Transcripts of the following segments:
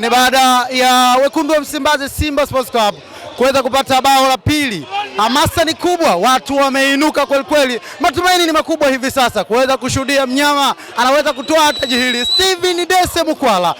Ni baada ya wekundu wa Msimbazi Simba Sports Club kuweza kupata bao la pili. Hamasa ni kubwa, watu wameinuka kweli kweli, matumaini ni makubwa hivi sasa kuweza kushuhudia mnyama anaweza kutoa taji hili. Steven Dese Mukwala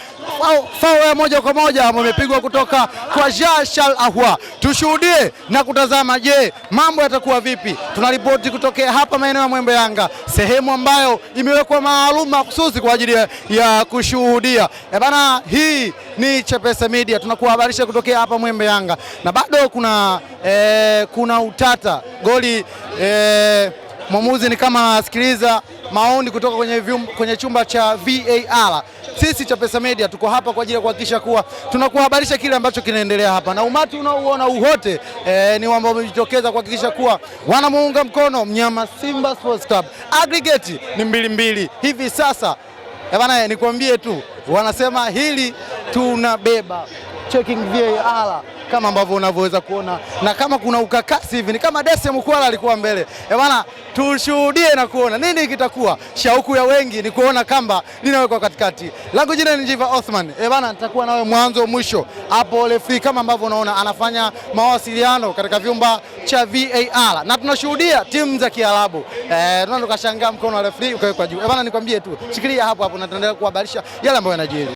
fao ya moja kwa moja ambayo imepigwa kutoka kwa Jashal Ahwa. Tushuhudie na kutazama, je, mambo yatakuwa vipi? Tunaripoti kutokea hapa maeneo ya Mwembe Yanga, sehemu ambayo imewekwa maalum mahususi kwa ajili ya kushuhudia. E bana, hii ni Chapesa Media, tunakuhabarisha kutokea hapa Mwembe Yanga na bado kuna, e, kuna utata goli e, mwamuzi ni kama anasikiliza maoni kutoka kwenye, vium, kwenye chumba cha VAR sisi Chapesa Media tuko hapa kwa ajili ya kuhakikisha kuwa tunakuhabarisha kile ambacho kinaendelea hapa, na umati unaouona uhote e, eh, ni ambao wamejitokeza kuhakikisha kuwa wanamuunga mkono mnyama Simba Sports Club. Aggregate ni mbili mbili hivi sasa. Ebana, eh, nikwambie tu, wanasema hili tunabeba checking VAR kama ambavyo unavyoweza kuona, na kama kuna ukakasi hivi ni kama Desem Kwala alikuwa mbele. Eh bwana, tushuhudie na kuona nini kitakuwa. Shauku ya wengi ni kuona kamba linawekwa katikati. Langu jina ni Jiva Othman. Eh bwana, nitakuwa nawe mwanzo mwisho hapo. Refa kama ambavyo unaona anafanya mawasiliano katika vyumba cha VAR na tunashuhudia timu za Kiarabu eh, tunatokashangaa mkono wa refa ukawekwa juu. Eh bwana, nikwambie tu, shikilia hapo hapo na tunaendelea kuhabarisha yale ambayo yanajiri.